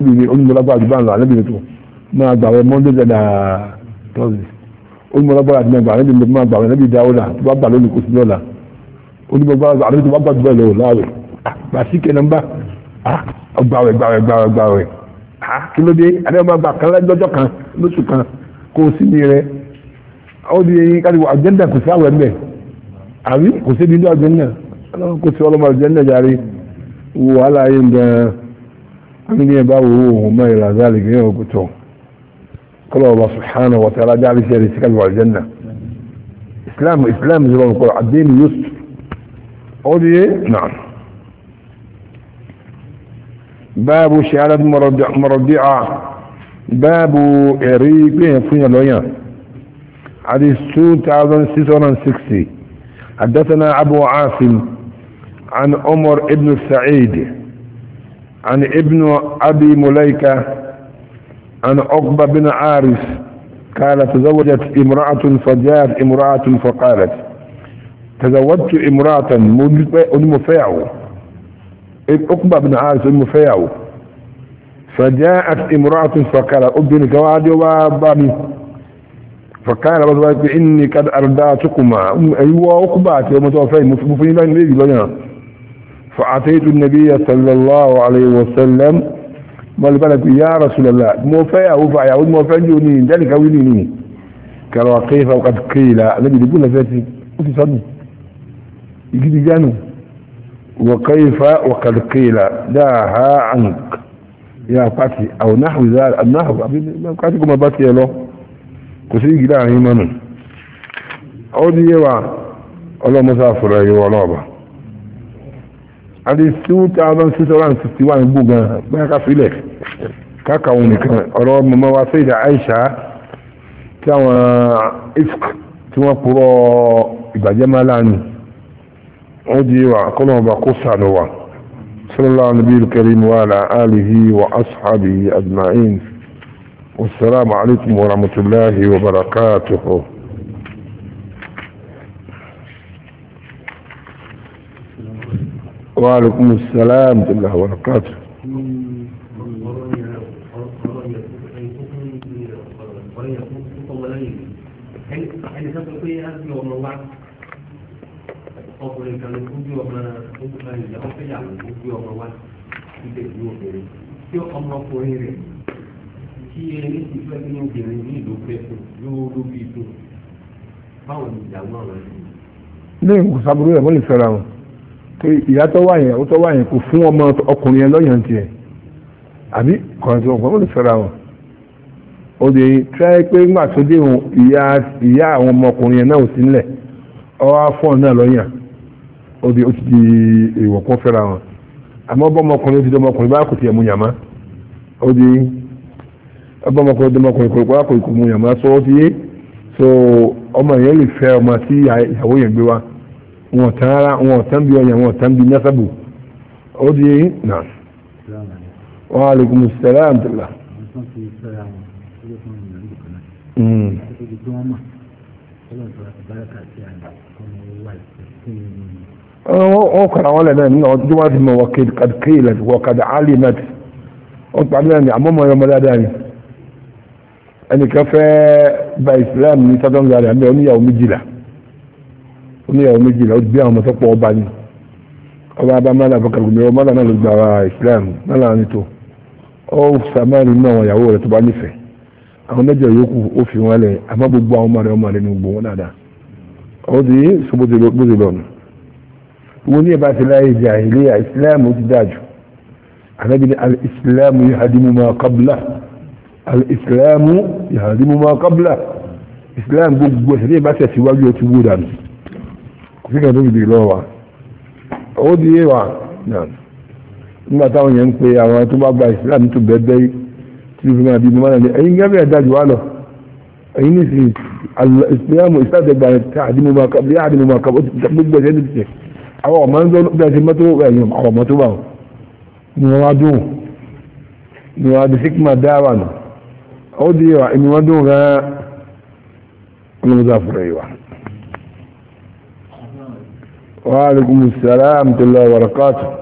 níbi ní onímọ̀lágbára àti báńlọ àlẹ́bìnrin tó máa gbà wẹ monday dada uh, thursday onímọ̀lágbára àti mẹ́gbà àlẹ́bìnrin tó máa gbà wẹ níbi dáwọ́dà tó bá gbà lónìí kò sí lọ́la onímọ̀lágbára àti tó bá gbà bẹ́ẹ̀ lọ́wọ́ láàwẹ̀ ah, gbà sí kẹ́ nọ́mbà ah, gbàwẹ̀ gbàwẹ̀ gbàwẹ̀ gbàwẹ̀ ah, kí ló dé àdéhùn máa gbà kan lọ́jọ́ kan lóṣù kan kó o sí ní rẹ ó di eyín káàdì àjẹ́ndà kò sí àwẹ̀ mẹ́ àbí kò sí ibi ní àjẹ́ndà kò sí ọlọ́mọ àjẹ́ndà yàrá من يبوه وما إلى ذلك يغبطه قال الله سبحانه وتعالى جعل سيري سكال وعلى الجنة إسلام إسلام زبا نقول الدين يسر أولي إيه؟ نعم باب شعالة مرضيعة باب إريق إيه؟ فين الوين حديث 2660 حدثنا أبو عاصم عن عمر ابن السعيد عن ابن أبي مليكة عن عقبة بن عارف قال تزوجت امرأة فجاءت امرأة فقالت تزوجت امرأة المفاعو عقبة بن عارف المفاعو فجاءت امرأة فقالت أبني كوادي وابني فقال بس إني قد أرداتكما ايوا عقبات يوم توفي مفيدين لي لنا فأتيت النبي صلى الله عليه وسلم قال بالك يا رسول الله موفى أو فأيعود موفى جوني ذلك وينيني قال وكيف وقد قيل النبي يقول لفتي وفي صدي يجي جانو وكيف وقد قيل داها عنك يا فاتي أو نحو ذلك النحو ما كاتكم باتي له كسي لا هيمان أودي يوا الله مسافر يوا الله àti two thousand six hundred and sixty one gbogbo bẹ́ẹ̀ ká filẹ̀ káka òun nìkan ọ̀rọ̀ mọ̀mọ́ wa sẹ́yìdà Aisha tí àwọn ifk tí wọ́n purọ́ ìbàjẹ́ máa láàánú ó di wa kọ́nà ọba kó sànù wa sallallahu nabiyil karim wa ala alihi wa ashabihi ajma'in wasalaamu wa rahmatulahi wa barakatuhu. وعليكم السلام ورحمة الله وبركاته ọkùnrin kan ló kújú ọmọ ìyàwó fẹ́yàwó kújú ọmọ wa ìdè ìlú obìnrin tí ọmọkùnrin rẹ̀ kí ẹni tí fẹ́ nínú obìnrin ní ìlú fẹ́ fún yóò ló bí fún báwo ni ìyàwó àwọn ẹni. lẹ́yìn sábúrú ẹ̀ mọ́ lè fẹ́ra wọn ìyá tó wà yẹn tó wà yẹn kò fún ọmọ ọkùnrin yẹn lọ́yàn tiẹ̀ àbí kọ̀ọ̀tì ọ̀gbọ́n wọn lè fẹ́ra wọn òde tíráyé pé ńgbà tó dé ìyá àwọn ọmọkùnrin yẹn náà ò sí nílẹ̀ ọwọ́ fọ́ọ̀n náà lọ́yàn òde ó ti di èèwọ̀ kó fẹ́ra wọn àmọ́ bọ́mọkùnrin ti dọ́mọkùnrin bá kò tiẹ̀ mú yàmá òde bọ́mọkùnrin dọ́mọkùnrin kò bá kò mú yàmá sọ́ọ́ ti yé so ọmọ yẹn lè fẹ́ ọmọ tí ìyàwó yẹn gbé wa wọn tán ara wọn tán bí ọyàn wọn tán bí nasabu ó di yé nà. wa aleykum salaam tila. ó kàrà wọn lẹ́nà nínú ọdún wá sí mọ̀ wọ́n kéèlè wọ́n kàdà alimat ó pàdé náà ní àmọ́mọ́ ọmọ dáadáa ni ẹnìkan fẹ́ ba Islam ní sọ́dọ̀ ń àmì oníyàwó méjìlá oníyàwó méjìlá ó gbé àwọn ọmọ sọ́pọ̀ ọba ni ọba abá mọ́lá àbọ̀kàrù mi ọba náà ló gba Islam náà ní tó ó sàmárì nínú àwọn ìyàwó rẹ̀ tó bá nífẹ̀ẹ́ àwọn mẹ́jọ yòókù ó fi wọn lẹ̀ àmọ́ gbogbo àwọn ọmọ rẹ̀ ọmọ rẹ̀ ní gbogbo wọn dáadáa ó di so bó ti lọ́nu wọ́n ní ẹ̀bá ti láyé jàhílíyà Islam ó ti dájú àlẹ́bìnrin al-Islam yuhadimu ma qabla al-Islam yuhadimu ma qabla Islam gbogbo ẹ̀sẹ̀ ní ìbáṣẹ̀ síwájú ó ti wó dànù síkà tó dìde lọ́wọ́ wa ó di yé wa nígbà táwọn yẹn ń pe àwọn tó bá gba ìsìlámù tó bẹ́ẹ̀ bẹ́ẹ̀ tí ó fi máa di mọ́nà ní ẹ̀yin gẹ́gẹ́ ẹ̀dá jù wá lọ ẹ̀yin ní sí ìsìlámù ìsìlámù tá àdínú máa kàbí àdínú máa kàbí gbogbo ẹ̀sẹ̀ ní tiẹ̀ àwọn ọmọ ń dọ́ bẹ́ẹ̀ ṣe mọ́tò ẹ̀yìn àwọn ọmọ tó bá wọn ni wọ́n wá dùn ni wọ́n á di síkìmà dáwà nù ó di yé wa wọ́n dùn gan-an ọlọ́mọdé àfúrẹ́ yìí wa. وعليكم السلام ورحمة الله وبركاته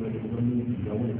عشان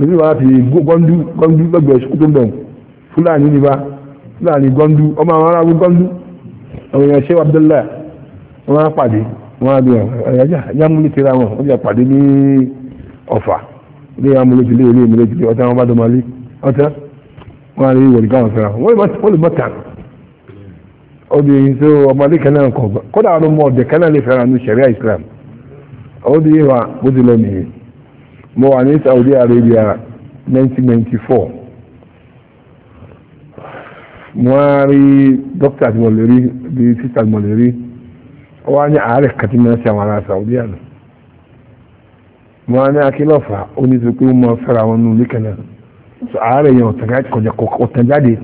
èyí wà láti gọ́ndú gọ́ndú lọ́gbẹ̀ẹ́ ṣùkú tó ń bẹ̀rù fúlàní ni bá fúlàní gọ́ndú ọmọ àwọn aráàlú gọ́ndú àwọn èèyàn ṣé Abdullahi wọn á pàdé wọn á bí ẹ̀yà yámúlé ti ra wọn ó yà pàdé ní ọ̀fà ilé yámúlé ti lé ilé ìmúlé ti lé ọ̀tá wọn bá dọ̀mọ́lé ọ̀tá wọn á rí ìwọ̀n káwọn fẹ́ra wọ́n lè mọ̀ tàn obìnrin tó ọmọdé kan náà kọ̀ kódà àwọn ọmọ ọ̀dẹ̀ kan náà lè fẹ́ra ní ṣẹ̀ríà Islam ó di wa bó ti lọ nìyẹn mo wà ní Saudi Arabia 1994 mo á rí dókítà tí mo lè rí bí sísà tí mo lè rí ó wá ní àárẹ̀ kàtí mo ṣe àwọn ará Saudi àná mo á ní akílọ́fà ó ní sọ pé mo máa fẹ́ra wọn nù líkẹ́ so àárẹ̀ yẹn ọ̀tàn kọjá ọ̀tàn jáde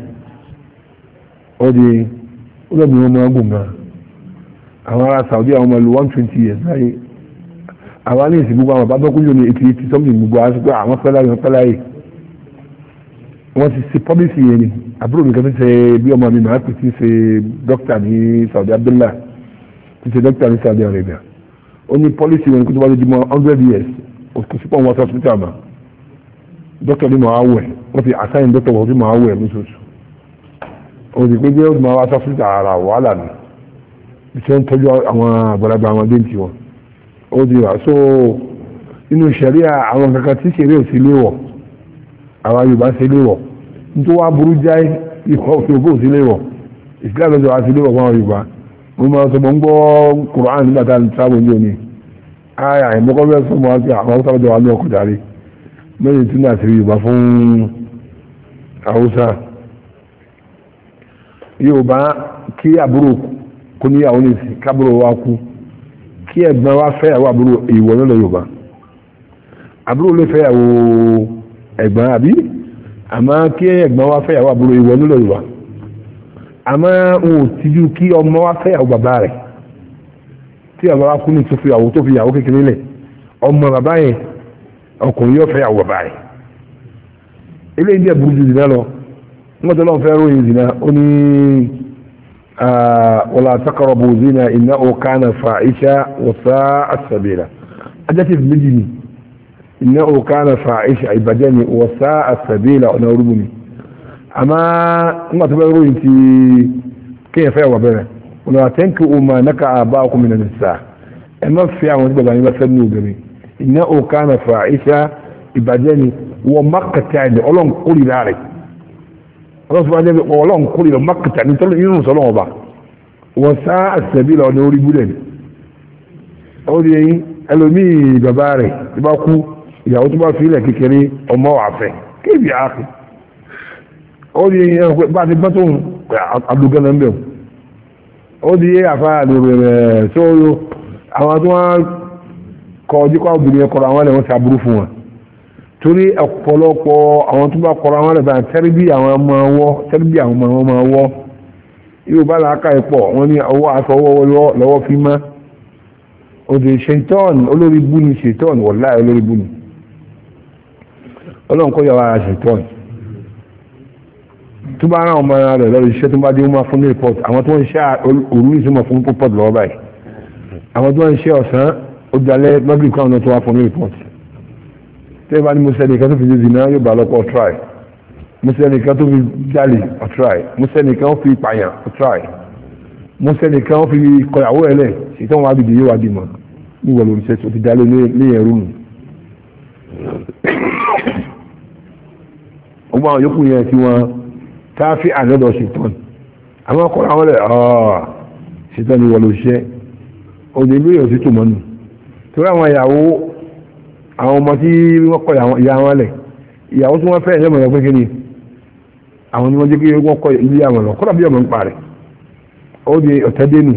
ó di ó lọ́gbìn wọn máa gùn gan àwọn ará Saudi àwọn ọmọ lu 120 years láyé àwọn alẹ́ ìsìn gbogbo àwọn bàbá kúlò ní eighty eighty something gbogbo àwọn sọ pé àwọn fẹ́lá yẹn fẹ́lá yìí wọ́n ti ṣe pọ́lísì yẹn ni àbúrò mi kan ti ṣe bí ọmọ mi màá pè ti ṣe dókítà ní Saudi Abdullah ti ṣe dókítà ní Saudi Arabia ó ní pọ́lísì yẹn kó tó bá lójú mọ́ hundred years kò sí pọ̀ wọn sọ hospital mà dókítà ní màá wẹ̀ wọ́n ti assign dókítà wọ́n ti màá wẹ̀ lóṣooṣù ó sì pé bí ó máa wá sọ hospital ara wàhálà ni ìṣe ń tọ́jú àwọn àgbàlagbà àwọn dé ó di wà so inú ṣẹ̀ríà àwọn kankan tí ṣeré ò sí léwọ̀ àwọn Yorùbá sí léwọ̀ nítorí wàá burú jáì ikọ̀ òfìòkò sí léwọ̀ Islam lọ́sọ̀ wá sí léwọ̀ fún àwọn Yorùbá mo máa sọ mo ń gbọ́ Quran nígbà tá a ń sábò ní òní ayà ìmọ́kọ́ bẹ́ẹ̀ sọ mo wá sí àwọn Haúsá lọ́jọ́ wa ní ọkọ̀ jáde lẹ́yìn tí náà sí Yorùbá fún Haúsá Yorùbá kí àbúrò kó níyàwó nìsí kábúrò wa kú kí ẹ̀gbọ́n wa fẹ́ àwọn àbúrò ìwọ nílẹ̀ yorùbá àbúrò lè fẹ́ àwọn ẹ̀gbọ́n àbí àmọ́ kí ẹ̀gbọ́n wa fẹ́ àwọn àbúrò ìwọ nílẹ̀ yorùbá àmọ́ n ò tijú kí ọmọ wa fẹ́ àwọn bàbá rẹ̀ tí ọmọ wa kú ní tó fi àwọn tó fi àwọn kékeré lẹ̀ ọmọ bàbá yẹn ọkùnrin yóò fẹ́ àwọn bàbá rẹ̀ eléyìí díẹ̀ burú ju zina lọ wọ́n tọ́lọ́ fẹ́ ròyìn zina ó ní. ولا تقربوا زنا إنه كان فاحشة وساء السبيل أجت بمجني إنه كان فاحشة عبدني وساء السبيل ونوربني أما ما تبغوا أنت كيف يا وبنا ولا تنكوا ما نكع أباؤكم من النساء أما في عمود بغاني بسنو بني إنه كان فاحشة عبدني ومقتعني أولم قولي ذلك ọlọ́run sọ ma jẹ́ pé ọlọ́run kórìíra mákìtà ní tọ́lọ́ irun sọ́lọ́ ọba wọ́n sá àṣẹbí lọ ní orí búlẹ̀ ni ó di eyín ẹlòmíì bàbá rẹ̀ tó bá kú ìyàwó tó bá fi ilẹ̀ kékeré ọmọ àfẹ́ kébì àáfẹ́ ó di eyín ẹ̀rọ bá ti bá tóun àdúgbò náà ń bẹ̀rù ó di eyín àfa àdúgbò sóyó àwọn tó wá kọ ojú kọ́ obìnrin kọ́ra àwọn ẹlẹ́wọ̀n ti aburú fún wọn torí ọ̀pọ̀lọpọ̀ àwọn tó bá kọ́ra wọn lẹ́bàá tẹ́rìbí àwọn ọmọ ọwọ́ tẹ́rìbí àwọn ọmọ ọmọ ọwọ́ yóò bá làákà ẹ̀pọ̀ wọn ní ọwọ́ àtọwọ́ lọ́wọ́ fi má òdè ṣètọ́ọ̀nù olórí bú ni ṣètọ́ọ̀nù wọ̀láì olórí bú ni ọlọ́run kọ́ yàrá ṣètọ́ọ̀nù tó bá rán ọmọ ara rẹ̀ lọ́rọ̀ iṣẹ́ tó bá dé wọ́n máa fún ní rìpọ́t tẹ́ bá ní mo sẹ́ni kan tó fi ṣe zina yóò bá lọ́pọ̀ ọ̀tráì mo sẹ́ni kan tó fi jalè ọ̀tráì mo sẹ́ni kan fi pààyàn ọ̀tráì mo sẹ́ni kan fi kọyàwó ẹ̀lẹ̀ ìtàn wa bìbí yóò wá bímọ níwọ̀ lórí sẹ́sì ó ti dálé léyìn rúùmù. wọ́n bá àwọn yòókù yẹn tí wọ́n tá a fi àdọ́dọ̀ ṣètọ́n àwọn ọkọ̀rọ̀ àwọn ẹ̀ ọ́ ṣètọ́n ni wọ́n lọ ṣẹ́ òde ilé yóò sì tò mọ́nu torí àwọn ìyàwó àwọn ọmọ tí wọ́n kọ ìyá wọn lẹ̀ ìyàwó tí wọ́n fẹ́ àwọn ni wọ́n jẹ́ pé wọ́n kọ ilé àwọn lọ kọ́dà bí ọmọ ń parẹ́ ó di ọ̀tẹ́ dénú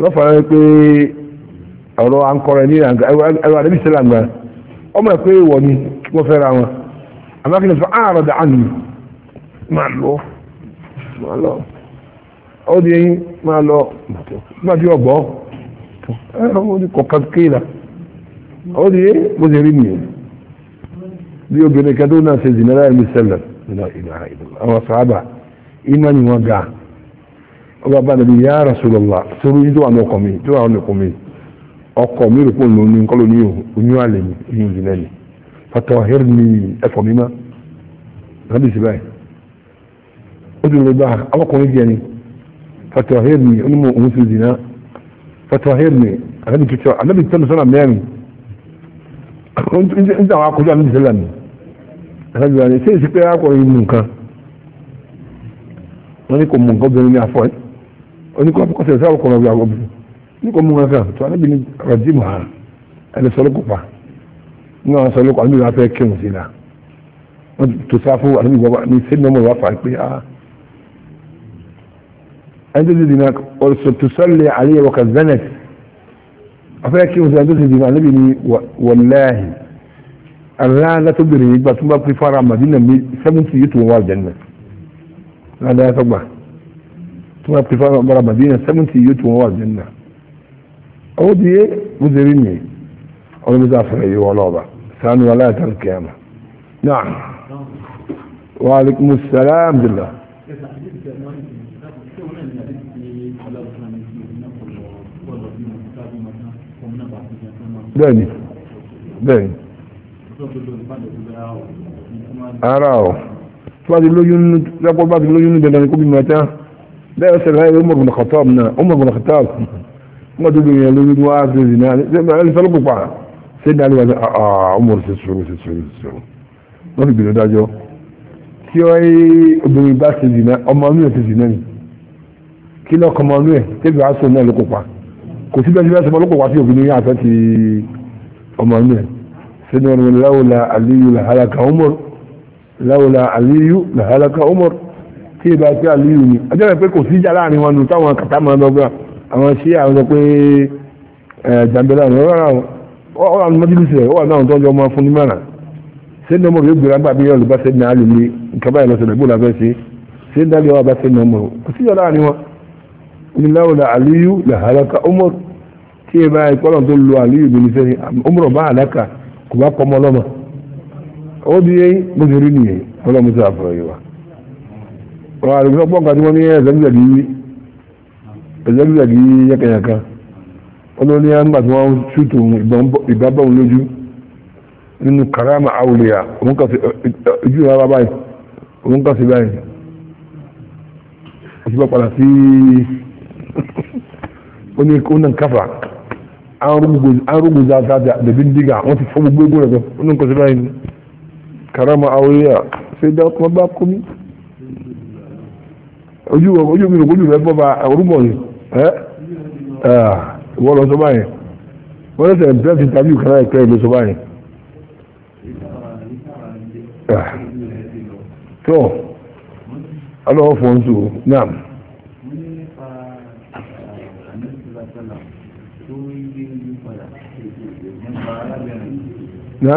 wọ́n fara pé ọ̀rọ̀ ankọrẹ ní ẹ̀rọ àdébí sílẹ̀ àgbà ọmọ ẹ̀ pé wọ̀ ni wọ́n fẹ́ ni kọ̀ọ̀kan kéèlà ó ní bó ṣe ni wọn ga ọba bá nàbí ya Rasulullah sórí yìí tó wà ní ọkọ mi tó wà ní ọkọ mi ọkọ mi rò pé òun ní kọ́lọ́ ní oyún àlè mi oyún ń tàwọn akọjọ́ àmì ìṣẹ́lẹ̀ mi àtàjùlọ ni ṣé ìṣẹ́pẹ́ akọrin mú nǹkan wọ́n ní kò mú nǹkan obìnrin ní afọ́ ẹ́ oníkọ́ akọ́sẹ̀ ìṣẹ́ ọkọ̀ ọ̀gbìn àwọn obìnrin ní kò mú nǹkan kan tó anábì ní rajim ha ẹni sọlọ́kù pa ní àwọn sọlọ́kù àmì ìwà fẹ́ kírun sí la wọ́n tó sáfù àmì ìwà ní sẹ́ni ọmọ ìwà fà pé ah ẹni tó afẹ́ kí oṣù àti oṣù ìdìbò àníbi ni wọláhì àrùn látọ́bìnrin ìgbà tó bá pín fara màdínà mi sẹ́mùtì yìí tó wà jẹ́nà ládàá tọ́gbà tó bá pín fara màdínà sẹ́mùtì yìí tó wà jẹ́nà ọwọ́ di yé mùsùlùmí ni ọlọ́mọdé àfẹ́rẹ́ yìí wọ́n lọ́ọ̀bà sànù aláìsàn kẹ́ẹ̀mà náà wàhálùkùmù sàlámù dìlà. bẹ́ẹ̀ni bẹ́ẹ̀ni ara ọ̀ tí wọ́n ti lóyún nínú lọ́pọ̀ bá ti lóyún nínú dandan kó bí mẹ́ta bẹ́ẹ̀ sẹ̀rẹ̀ ayé Umar bin Khattab náà Umar bin Khattab wọ́n ti lóyún lóyún wá sí ìrìn náà ẹni sọ́lọ́ pupa ṣé ní aliwájú àà Umar sí sọ̀rọ̀ sí sọ̀rọ̀ sí sọ̀rọ̀ wọ́n ti bìnrin dájọ́ tí ó yí obìnrin bá ti ìrìn náà ọmọ inú ẹ̀ ti ìrìn náà ni kí lọ́kọ̀ ọmọ inú ẹ̀ tẹ́bi aṣọ náà ló kópa kò sí bẹ́ẹ̀ sọ́mọ́ olókòwò àti òbí ní àfẹ́ ti ọmọ inú ẹ̀ sínú ẹni wọn láwùlà aliyu làhálàkà umar láwùlà aliyu làhálàkà umar tí ìbá pé aliyu ni ọjọ́ rẹ̀ pé kò sí ìjà láàrin wọn nù táwọn kàtà máa lọ́gbà àwọn ṣí àwọn sọ pé jàǹbẹ̀lá ọ̀rọ̀ ọ̀rọ̀ àwọn mọ́júlùsì rẹ̀ wà náà tọ́jú ọmọ fún nímọ̀ràn sínú ọmọ rẹ̀ gbéra gbà bí yọ̀ sẹ́ni àlùmí nǹkan báyìí lọ́sọ̀rọ̀ ìgbò làbẹ́ sí sínú dájú ọba sẹ́ni ọmọ kò sí ìjà láàrin wọn لولا علي aliyu عمر tí ẹ bá ẹgbọ́n náà tó lo àlíyù bí ní sẹ́ni ọmọrọ̀ bá àdáka kò bá pọ̀ ọmọ ó di yẹn bó ti rí nìyẹn ọlọ́mọ sí àfọ̀rọ̀ yìí wa. ọ̀rọ̀ àdìgbò pọ̀ nǹkan tí wọ́n ní yìí yìí karama wani kunan kafa an rubuza ta da bindiga wata fomu gbogbo daga wani kwasi bayan karama auriya sai da kuma ba kumi ojú ojú mi ojú rẹ bọ́ ba orúmọ̀ ni wọ́n lọ sọ báyìí wọ́n lọ́sẹ̀ bẹ́ẹ̀sì tàbí ìkàrà ìpẹ́ ìlú sọ báyìí tó alọ́wọ́ fọ́nṣù náà Nàá. Nínú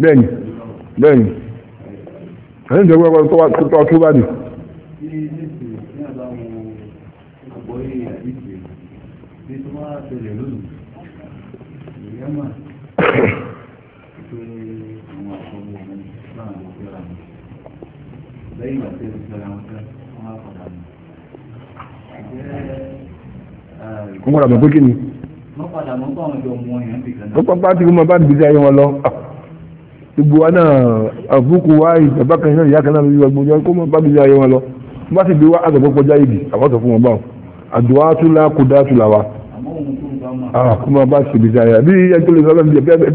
Bẹ́ẹ̀ni, bẹ́ẹ̀ni. Àní ìjọba ọgbọ́n tó wà tó tó báyìí. ní àbáwọn àgbọ́yé wọ́n padà mọ̀ pé kí ni. wọ́n padà mọ̀ pé àwọn ìjọ mọ èèyàn bìkan náà. wọ́n pápá ti fún ma bá dìbò ayé wọn lọ. Ah, gbogbo wa náà àbúkù wa bàbá kan náà ìyá kan náà lórí wa gbogbo kó ma bá dìbò ayé wọn lọ. wọ́n bá sì gbé wa àgbàgbọ́ kọjá ibi àwọn sọ fún wọn báwọn. àdùá tún la kó dá tún la wa. àmọ́ ah, kó ma bá sì dìbò ayé bí ẹgbẹ́ lè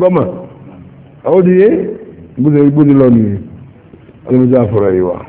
sọ lọ́nà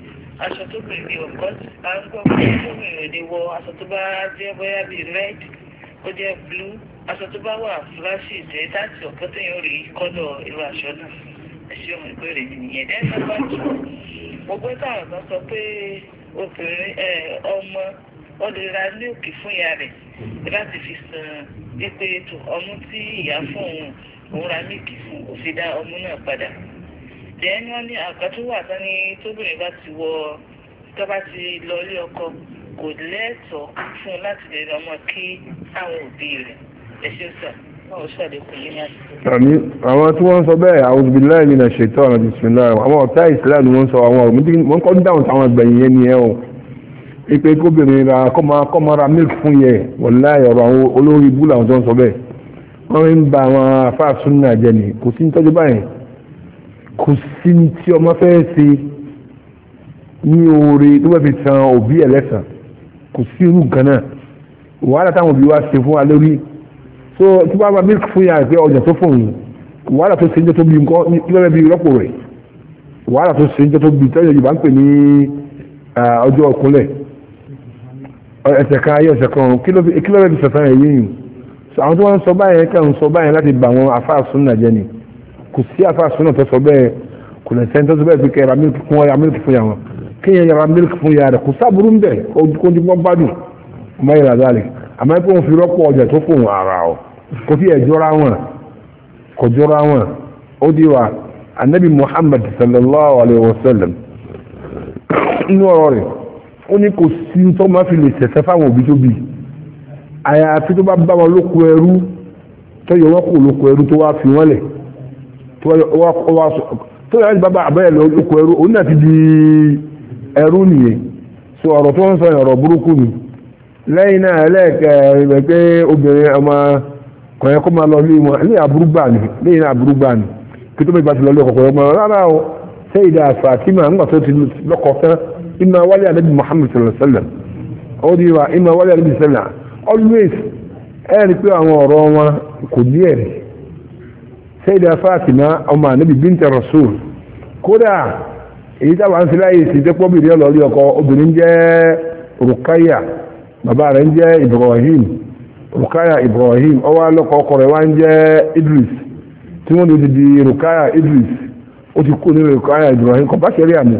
aṣọ tó bèrè ní ọ̀kọ́ à ń gbọ́ pé tó bèrè ní wọ aṣọ tó bá jẹ́ bóyá bíi red ó jẹ́ blue aṣọ tó bá wà fúláṣì jẹ́ láti ọ̀kọ́ téèyàn rí kọ́lọ̀ irú aṣọ náà ẹ ṣe ohun ìbéèrè nìyẹn dẹ́nu bá tù mo gbé táwọn kan sọ pé obìnrin ọmọ ó lè ra mílìkì fún ìyá rẹ̀ láti fi san wípé ọmú tí ìyá fún òun òun ra mílìkì fún òfin dá ọmú náà padà dẹ́n wọ́n ní àgbà tó wà tán ní tóbìnrin bá ti wọ tó bá ti lọ ilé ọkọ kò lẹ́tọ̀ọ́ fún un láti lè lọ́mọ kí àwọn òbí rẹ̀ ẹ ṣe sà báwo àmì àwọn tí wọ́n ń sọ bẹ́ẹ̀ àwọn òbí láì nínú ṣètò àwọn bisimilá àwọn ọ̀tá ìsìláàmù wọ́n sọ àwọn òbí wọ́n kọ́ dáhùn sáwọn ẹgbẹ̀yìn yẹn ni ẹ o ipe kóbìnrin ra kọ́mọra milk fún yẹ wọ́n láì ọ̀rọ̀ àwọn olórí búlà àwọn tó ń sọ bẹ́ẹ̀ wọ́n ń ba àwọn afáàsúnà jẹ ní kò sí ní tọ́jú báyìí kò sí ní tí ọmọ fẹ́ ṣe ní oore tó bẹ́ẹ̀ fi san òbí ẹ̀ kò sí irú nǹkan náà wàhálà táwọn òbí wa ṣe fún wa lórí so tí wọ́n bá mílíkì fún yàrá pé ọjà tó fún yìí wàhálà tó ṣe ń jẹ́ tó bí nǹkan tó bẹ́ẹ̀ bí rọ́pò rẹ̀ wàhálà tó ṣe ń jẹ́ tó bí tẹ́lẹ̀ yorùbá ń pè ní ọjọ́ ọkùnlẹ̀ ẹsẹ̀ kan ayé ẹsẹ̀ kan kí ló bẹ́ẹ̀ fi sọ̀tàn ẹ̀yìn yìí àwọn tó wọ́n ń sọ báyẹn kàn ń sọ báyẹn láti bà wọn afáàsùn nàjẹ́ kò sí afa sunu tó sọ bẹ́ẹ̀ kò lè sẹ́ńtẹ́ tó bẹ́ẹ̀ fi kẹ́ ra mílíkì fún wa ra mílíkì fún yàrá kéèyàn yàrá mílíkì fún yàrá kò sábúrú ń bẹ̀ ojú wọn bá dùn ọmọ yàrá dálẹ̀ àmọ́ pé òun fi rọ́pò ọjà tó fòun ara ọ̀ kò fi ẹ̀jọ́ra wọn kò jọra wọn ó di wa anabi muhammad sallallahu alayhi wa sallam inú ọ̀rọ̀ rẹ̀ ó ní kò sí tó máa fi lè sẹ̀sẹ̀ fáwọn òbí tó bì àyàfi tó bá bá wọn lóko ẹrú tó yọ wọ́n kò lóko ẹrú tó wá fi wọ́n lẹ̀ tó yẹ bàbá àbẹ́yẹ lọ okò ẹrú òun ti di ẹrú nìyẹn so ọ̀rọ̀ tó ń sọ ọ̀rọ̀ burúkú ni lẹ́yìn náà ẹlẹ́ẹ̀kẹ́ rẹ̀ obìnrin ọmọ kọ̀yẹ́ kó máa lọ ní wọn ní àbúrú gbà ní lẹ́yìn náà àbúrú gbà ní kí tó bẹ́ẹ̀ bá ti lọ rárá o Fatima ńgbà tó ti lọ́kọ̀ tán ìmọ̀ wálé àdébí sayida fatima ọmọ anabi binta rasul kódà èyí táwọn ń filá yìí ti dẹ́pọ̀ bìrì ọlọ́ọ̀lì ọkọ obìnrin jẹ́ rukaya bàbá rẹ̀ ń ibrahim rukaya ibrahim ọwọ́ alọ́kọ̀ ọkọ rẹ̀ idris tí wọ́n di rukaya idris ó ti kú rukaya ibrahim kọ̀ bá àmì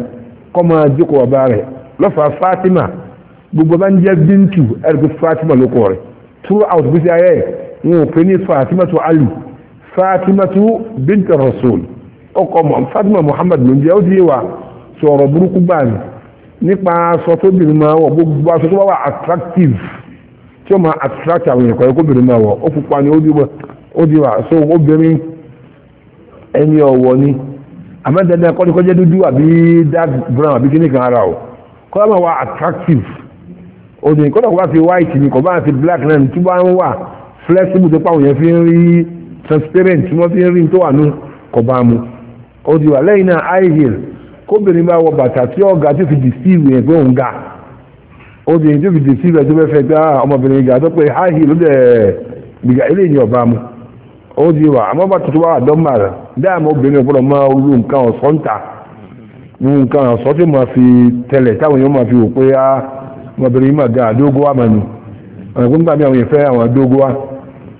kọ́ máa jókòó bàbá rẹ̀ lọ́fà fatima gbogbo bá ń jẹ́ bintu ẹ̀rọ fatima lóko rẹ̀ throughout ayé wọn ò pè fatimatu bint rasul ọkọ fatima muhammad ló ń jẹ́ ó ti yé wa sọ̀rọ̀ burúkú báyìí nípa aṣọ tó bìrì máa wọ̀ gbogbo aṣọ tó bá wà attractive tí ó máa attract àwọn èèyàn kọ̀ọ̀kọ́ bìrì máa wọ̀ ó pupa ni ó di wa so obìnrin ẹni ọ̀wọ̀ ni àmẹ́tẹ̀ẹ́dẹ́ kọ́díkọ́jẹ́ dúdú àbí dark brown àbí kíní kan ara o kọ́dá máa wà attractive òdì kọ́dà kó bá fi white ni kò bá fi black náà ní túbọ̀ ń wà flexible tó pàwọn yẹn fi ń rí transparent tí wọ́n fi rí tó wà ní kọba mu ó ti wà lẹ́yìn náà high heel kóbìnrin bá wọ bàtà tí ọ̀gá tó fi deceive yẹn pé ga obìnrin tó fi deceive ẹ̀ tó fẹ́ ah, ga tó pé high heel dẹ̀ gbìgà ilé ìyẹn ọba mu ó ti wà àmọ́ bàtà tó wà àdọ́mà rẹ̀ obìnrin máa lu nǹkan ta nǹkan tó máa fi tẹlẹ̀ táwọn èèyàn ah, ga àdógó àwọn ìpínlẹ̀ àwọn àwọn àdógó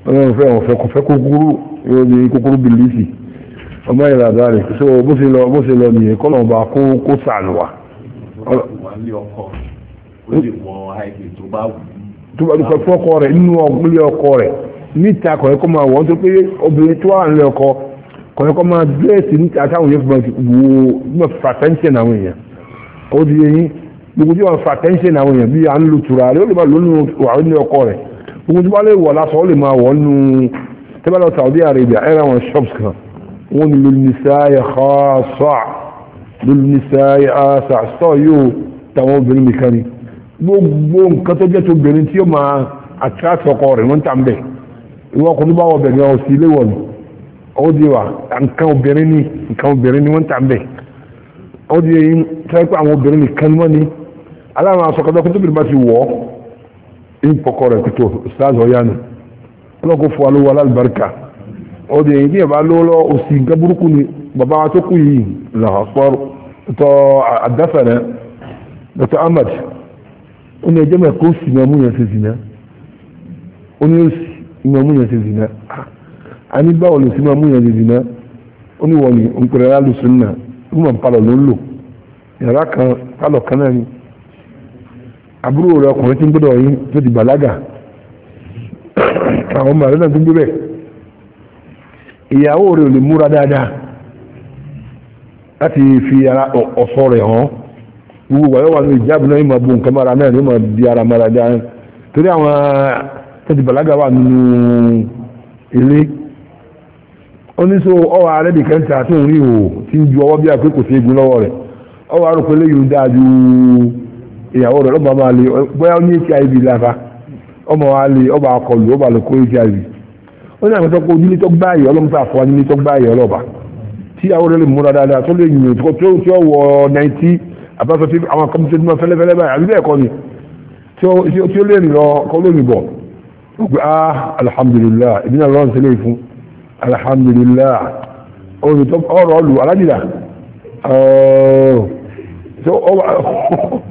ọlọ́run ọ̀fẹ́ kọfẹ́ kúkúrú yóò ní kúkúrú bìlísì ọmọ so bó ṣe lọ bó ṣe lọ nìyẹn kọ́nà ọba kó kó sàánù wa. tó bá dùkọ̀ fún ọkọ rẹ̀ nínú ilé ọkọ níta kọ́ máa wọ̀ ọ́n tó pé obìnrin tó wà ọkọ kọ́ máa dírẹ́sì níta táwọn yẹn fún fa tẹ́ńṣẹ̀n àwọn èèyàn ó di gbogbo fa tẹ́ńṣẹ̀n àwọn èèyàn bí à ń lu ó ogun tí wọ́n lè wọ̀ lásán ó lè máa wọ̀ nù tẹ́bàlọ́ Saudi Arabia ẹ̀rọ àwọn shops kan wọ́n ní lónìṣáyà xaṣọ́ lónìṣáyà àṣà sọ yóò tàwọn obìnrin nìkan ni gbogbo nǹkan tó jẹ́ tó obìnrin tí ó máa attract ọkọ rẹ̀ wọ́n tà ń bẹ̀ ìwọ ọkùnrin bá wọ bẹ̀rẹ̀ ọ sí ilé wọ̀ ó di wa nǹkan obìnrin ni nǹkan obìnrin ni wọ́n tà ń bẹ̀ ó di eyín tẹ́lẹ̀ pé àwọn obìnrin nìkan ni wọ́n ni aláwọn asọ̀kọ̀dọ́kọ̀ tóbi in kọ́kọ́rọ̀ kìtò stars ọ̀yánu ọlọ́kọ̀ fún alówó alábàárìkà ọdún èyí ní ẹ̀bá lọ́wọ́lọ́ òsì nǹkan burúkú ni bàbá wa tó kú yìí lọ́hàpọ̀rọ̀ tọ́ àdáfẹ̀rẹ̀ dr ahmed ó ní ẹjẹ́ mẹ́kọ́ sí ní ọmú yẹn ṣe zìnà ó ní òsì ní ọmú yẹn ṣe zìnà a ní báwo lè sí ní ọmú yẹn ṣe zìnà ó ní wọ̀nyí òǹkọ̀rẹ́ alùsùn náà yàrá kan pálọ̀ kan náà àbúrò rẹ ọkùnrin tí ń gbọ́dọ̀ yín tó ti bàlágà àwọn ọmọ rẹ náà tó ń ìyàwó rẹ ò lè múra dáadáa láti fi ara ọ̀ṣọ́ rẹ̀ hàn gbogbo wàyọ̀ wà ní ìjáàbù náà máa bu nǹkan mára náà yóò máa di ara dáa torí àwọn tó ti bàlágà wà nínú ilé oníṣó ọwọ́ ń ju ọwọ́ bí àpé kò sí egun ìyàwó rẹ̀ ọba máa lè bóyá ó ní hiv lára ọmọ wa lè ọba akọlù ọba lè kó hiv ó ní àgbẹ̀tọ́ pé onílé tó gbáyé ọlọ́mọta àfọwá nílé tó gbáyé ọlọ́ba tí ìyàwó rẹ̀ lè múra dáadáa tó lè yìn tó tí ó wọ náìtì àbáṣọ tí àwọn kọ́mítẹ́ tó máa fẹ́lẹ́fẹ́lẹ́ báyìí àbí bẹ́ẹ̀ kọ́ ni tí ó lè rìn lọ kọ́ lónìí bọ̀ ó pé ah ìbí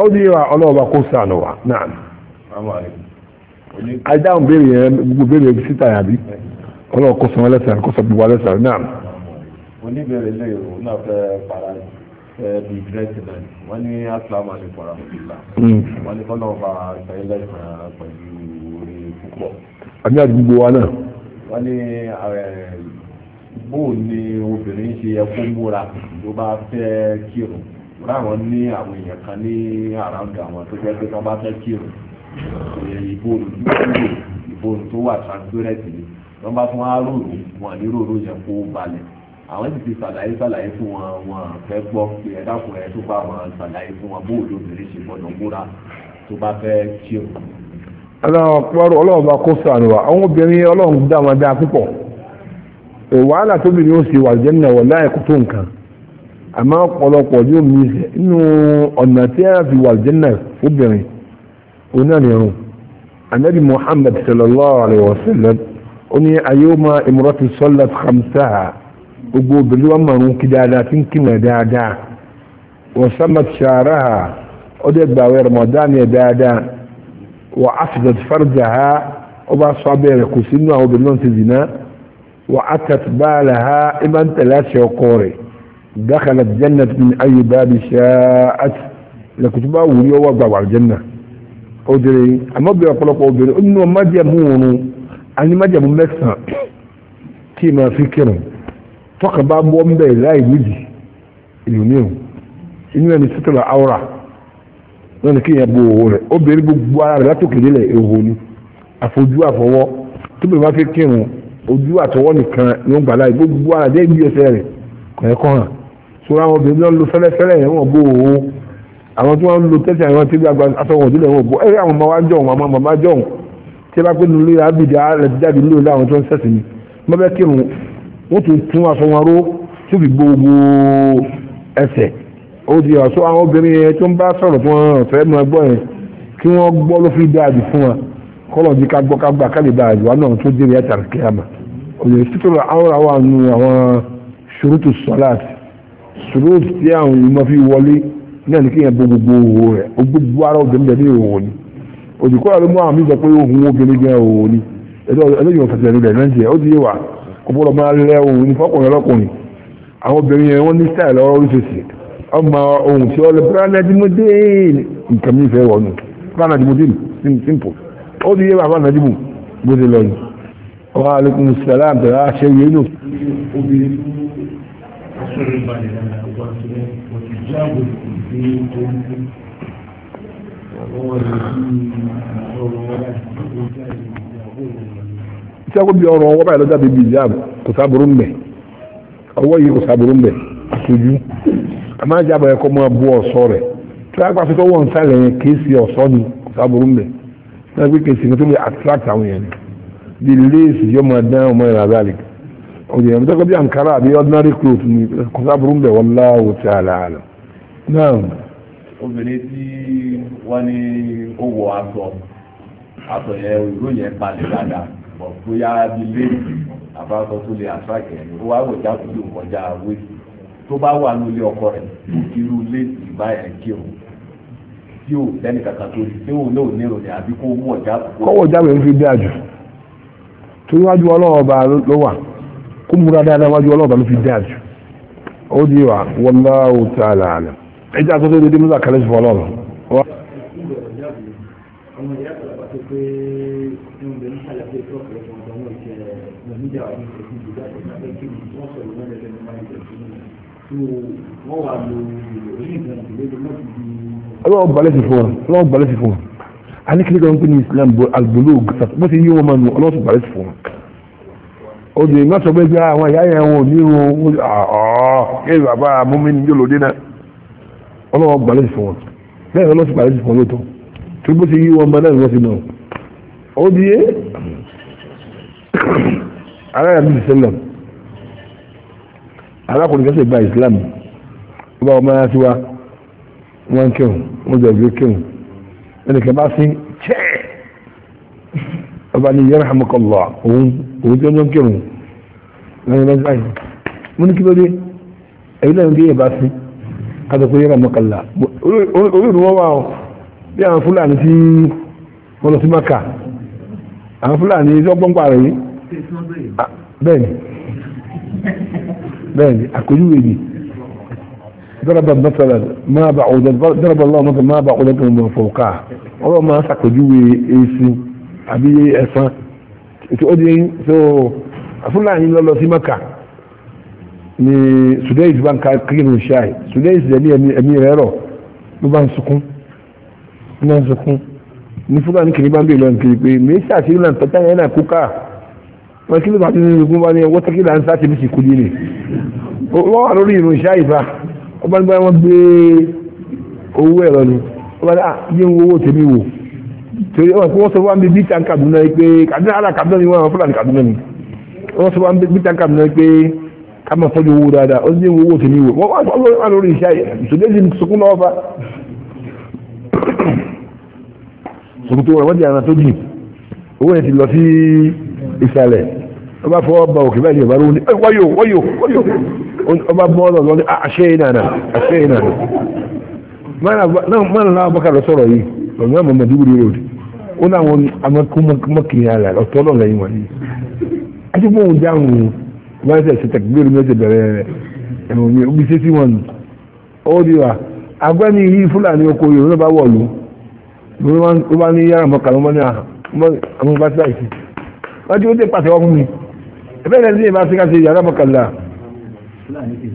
ó ní ọlọ́ọ̀bá kó sànù wa náà adáhùn béèrè yẹn gbogbo béèrè yẹn síta yàbí ọlọ́ọ̀ kó sanwó lẹ́sàn kó sọ gbogbo alẹ́sàn náà. oníbèrè lè rò náà fẹ́ para bí president wọ́n ní asalaamu alaykum wa rahmatulah hmm. wọ́n ní kọ́nà ọba ìfẹ́ lẹ́sàn pẹ̀lú orí púpọ̀. àmì àdúgbò wa náà. wọ́n ní bóun ni obìnrin ṣe yẹ kó múra ló bá fẹ́ kírun ráwọn ní àwọn èèyàn kan ní àràǹdà àwọn tó jẹ́ pé wọ́n bá fẹ́ kírun eh, ìbòrò tó wà transparent ni wọ́n bá fún aróòrò wọn ní róòrò yẹn kó balẹ̀ àwọn ti ti ṣàlàyé ṣàlàyé fún wọn wọn fẹ́ gbọ́ pé ẹ̀dá fún ẹ tó bá wọn ṣàlàyé fún wọn bóòlù obìnrin ṣe gbọ́dọ̀ múra tó bá fẹ́ kírun aláwọ̀ pọ́rọ̀ ọlọ́run bá kó sàánù wa àwọn obìnrin ọlọ́run dáwọn dáa púpọ̀ eh, wàhálà tóbi ni ó sì wà jẹ́ nà láì kó tó nǹkan àmọ́ ọ̀pọ̀lọpọ̀ yóò mí sẹ́ inú ọ̀nà tí a fi wà aljanna obìnrin onírìnrún anabi muhammad sallallahu alayhi wa sallam ó ní ayoma imratu sallat khamsaha gbogbo obìnrin wọn máa ń kí dáadáa tí ń kí náà dáadáa wọ́n sàmàt sha'raha ó dẹ̀ gbàwé ramadan yẹn dáadáa wọ́n afdad farjaha ó bá sọ abẹ́rẹ́ kò sínú àwọn obìnrin náà ti zina wọ́n atat baalaha ibà ń tẹ̀lé àṣẹ ọkọ rẹ̀ دخل الجنة من أي باب شاءت لكتبا وليو وقع على الجنة أدري أما بيقولك أدري إنه ما جمونه أني ما جمون مسا كما فكر فقط باب ومبي لا يوجي اليونيو إنه أني ستر الأورا wọ́n ní kí yẹn bo owó rẹ̀ obìnrin gbogbo ara rẹ̀ látòkè nílẹ̀ èho ni àfojú àfọwọ́ tóbi máa fi kírun ojú àtọwọ́ nìkan ló ń gbà láì gbogbo ara dé ibi ẹsẹ̀ rẹ̀ kọ̀ẹ́kọ̀ hàn sọ̀rọ̀ àwọn obìnrin náà lo fẹ́lẹ́fẹ́lẹ́ yẹn wọ́n bó o àwọn tí wọ́n lo tẹ́tí àwọn tí gbàgbà asọ̀wọ̀n òdìlẹ̀ wọ́n bó ẹ̀rí àwọn màmá jọ̀hún àwọn màmá jọ̀hún tí a bá pé nílé abidjan alẹ́ ti jáde nílé àwọn tó ń sẹ̀sì ni wọ́n bẹ́ kírun wọ́n tún tún aṣọ wọn ró tó fi gbogbo ẹsẹ̀ o di ọ̀ṣọ́ àwọn obìnrin yẹn tó ń bá sọ̀rọ̀ fún wọn fẹ́ mọ ẹgbọ́ yẹn kí wọ́n gbọ́ ló fi dáàbì fún wọn kọ́lọ̀ ní ká gbọ́ ká gbà ká lè bá náà tó dé ní ẹ̀tàrí kíámà òye títúrọ̀ àwọn àwọn àwọn ṣòro tó ṣùgbọ́n tí àwọn ìmọ̀ fi wọlé náà ní kí yẹn bó gbogbo òwò rẹ̀ o gbogbo ara obìnrin dẹ̀ ní òwò ni òdìkọ́ rẹ̀ mú àwọn míì sọ pé òun obìnrin gan òwò ni ẹlẹ́yìn ọ̀sẹ̀ tẹ̀lé rẹ̀ lẹ́ńtì ó ti yé wa kó bọ́dọ̀ máa lẹ́ òun ní fọ́kùnrin ọlọ́kùnrin àwọn obìnrin yẹn wọ́n ní style ọ̀rọ̀ oríṣiríṣi ọmọ ohun tí ọlẹ́ bíranẹ́dìmọ́dé شر ما لنا وتجاب الدين وهو ìṣẹ́gun bí ọrọ̀ ọwọ́ báyìí lọ́jà bíbí ìjáàbù kò sábúrú ń bẹ̀ ọwọ́ yìí kò sábúrú ń bẹ̀ àṣojú a máa jábọ̀ ẹ̀kọ́ máa bú ọ̀ṣọ́ rẹ̀ tí wọ́n á gbà fẹ́tọ́ wọ́n ń sálẹ̀ yẹn kìí ṣe ọ̀ṣọ́ ni kò sábúrú ń bẹ̀ náà gbé kìí ṣe nǹkan tó lè attract àwọn yẹn ni bí léèsì yóò máa dán ọmọ ìràbálẹ̀ òye ẹ̀mí tó kọ́ bí àǹkárá àbí ordinary cloth ni kò sábúrú ń bẹ̀ wallahu ta'ala alam náà. obìnrin tí wọ́n ní ó wọ aṣọ aṣọ yẹn ìró yẹn balẹ̀ dáadáa bọ̀ bóyá bíi léèdì àbáṣọ tó lè àtúrákẹ̀ ẹ̀ ó wá wò jáde tó kọjá wéèdì tó bá wà ní ilé ọkọ rẹ̀ irú léèdì báyà kí o tí o lẹ́nu kankan tó rí tí o náà nírò ní àbí kó mú ọ̀já. kọ́wọ́ jáwé ń fi bí àjò torí wájú ọlọ́wọ́ ọba ló wà kó múra dáadáa wájú ọlọ́ọ̀bá ló fi dájú ó di wa wallahu ta'ala alam ẹjẹ́ àtúntò dédé mú sàkálẹ̀ sí fọlọ́ọ̀lọ́. ọlọ́wọ́ balẹ̀ sí fún wọn ọlọ́wọ́ balẹ̀ sí fún wọn a ní kílíkà wọn pé ní Islam albolog bó ti yí wọn máa nù ọlọ́wọ́ balẹ̀ sí fún wọn odò ìmọ̀ sọ pé bí àwọn ìyá yẹn wọn ò ní irun ọ̀ọ́ ah, ah, kí bàbá amúmi ní yóò lòdì náà ọlọ́wọ́ gbàlejò fún wọn bẹ́ẹ̀ ni ọlọ́sùn gbàlejò fún wọn lóòótọ́ tó bó ti yí wọn bá náà lọ́sìn náà ó di yé aláya bíi sẹlẹm alákùnrin kẹsẹ̀ gba Islam ó bá wọn máa tiwa wọn kẹun wọn jẹ ìgbé kẹun ẹnì kẹ bá sí ọba ni yarhamukallah òun òun tí ó jọ ń kírun lẹ́yìn lọ́jọ́ àyè mo ní kí ló dé ẹ̀yìn lẹ́yìn tí yẹ bá sí kátó pé yarhamukallah orí ìlú wọn wà ó bí àwọn fúlàní tí wọn lọ sí maka àwọn fúlàní tí wọn gbọ́n pààrọ̀ yìí bẹ́ẹ̀ni bẹ́ẹ̀ni àkójúwe yìí ضرب مثلا ما بعوض ضرب الله مثلا ما بعوضتهم فوقها والله ما سكجوي ايسي àbí ẹ̀sán ètò ó di so fúlàní lọ́lọ́ sí mọ́kà ni sudais bá ń ka kírun ṣáì sudais ẹ̀mí ẹ̀mí rẹ̀ rọ̀ ló bá ń sunkún ló bá ń sunkún ní fúlàní kìíní bá ń bè lọ́nà kiri pé mèé ṣàṣírí náà tọ́tà yẹn náà kú wọ́n kí ló bá ti ní ìlú kún bá ní ọwọ́ tẹ́kí là ń sá ti kú ní ni wọ́n wà lórí ìrun ṣáì fa ọba nígbà wọn gbé owó ẹ̀rọ ni ọba ní à ah, yé ń wo tèmi wò torí wọn wọ́n sọ wọ́n bí bíta Kaduna yìí pé Kaduna ala Kaduna ni wọ́n Fúlàní Kaduna ni wọ́n sọ wọ́n bí bíta Kaduna yìí pé ká máa fọ́jú owó dáadáa ó ní owó tó ní wò wọ́n wọ́n wọ́n lórí iṣẹ́ ìṣòdéjì sọkún lọ́wọ́ fa sọkún tó wọ́n wọ́n di àná tó jìn owó yẹn ti lọ sí ìsàlẹ̀ wọ́n bá fọwọ́ ba òkè báyìí ìbára wọn ni wáyò wáyò wáyò wọ́n bá bọ́ ọ̀dọ̀ lọ ní àṣẹ ìnànà àṣẹ ìnànà mọ́nà làwọn bọ́kà lọ sọ̀rọ̀ yìí pẹ̀lú àwọn Maiduguri road ó láwọn amẹ́kúmọ́kìnrin ara ọ̀tọ́ náà lẹ́yìn wọn ni àti fún òun dáhùn wọ́n ṣe ṣe tẹ̀gbẹ́rù mẹ́tẹ̀ bẹ̀rẹ̀ ẹ̀rọ mi ó bí ṣe sí wọn nù ó di wa agbẹ́ni yìí fúlàní oko yìí ló bá wọ̀lú ló bá ní yàrá mọ́kà ló mọ́ ní àwọn ah, bá sáìsì wọ́n ti ó dé pàṣẹ wọ́n fún mi ẹ̀fẹ́ ìrẹsì ìbá sí ká ṣe yàrá mọ́kà fúlàní ti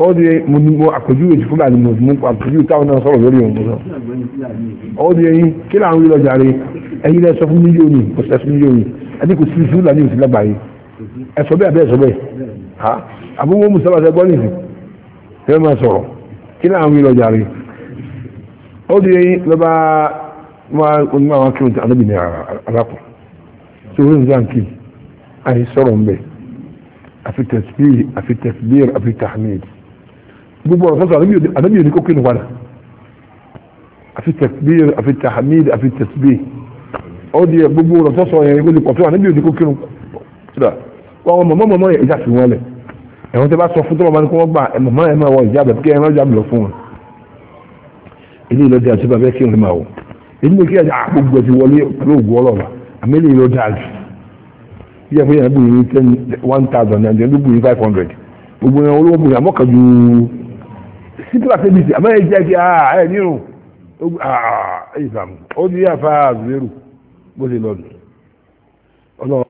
ó di mo ní mo àpèjúwe tí fúlàní mo mú àpèjúwe táwọn náà sọ̀rọ̀ lórí òun lọ ó di ẹyin kí làwọn yìí lọ jàre ẹyin lẹ sọ fún mílíọ̀nù kò sẹ fún mílíọ̀nù ẹni kò sí fúlàní òsì lágbàáyé ẹ sọ bẹ́ẹ̀ bẹ́ẹ̀ sọ bẹ́ẹ̀ ha àbúrò mo sábà sẹ gbọ́ nìsí ẹ máa sọ̀rọ̀ kí làwọn yìí lọ jàre ó gbogbo ọ̀sán sọ ànábì òní kókè nìpadà àfi tẹ̀síbí àfi tàhámìd àfi tẹ̀síbí ó di gbogbo ọ̀sán sọ yẹn kó ti pọ̀ tó ànábì òní kókè nìpadà wọn mọ̀ mọ̀ yẹn ìjà sí wọn lẹ̀ ẹ̀wọ̀n tẹ́ bá sọ fún tọ́wọ́ bá ní kó wọ́n gbà ẹ̀mọ̀ mọ́ ẹ̀mọ̀ wọ ìjà bẹ̀ẹ́ kí ẹ̀rọ ìjà bẹ̀ẹ́ fún wọn ilé ìlọ́dẹ àti bàbá kí ọ̀rẹ́ máa wọ̀ èyí ni kí ẹ̀jẹ̀ àgbègbè ti wọlé pẹ̀lú ògùn ọlọ́ọ̀la àmì ilé ìlọ́dẹ àjù yíyá fún yàrá bùnú ten one thousand and sípìlà tẹ́bi sí àmọ́ ẹ̀jẹ̀ kí ẹ̀ nírun ó di àfa àgbèrú bó ṣe lọ́nu ọlọ́run.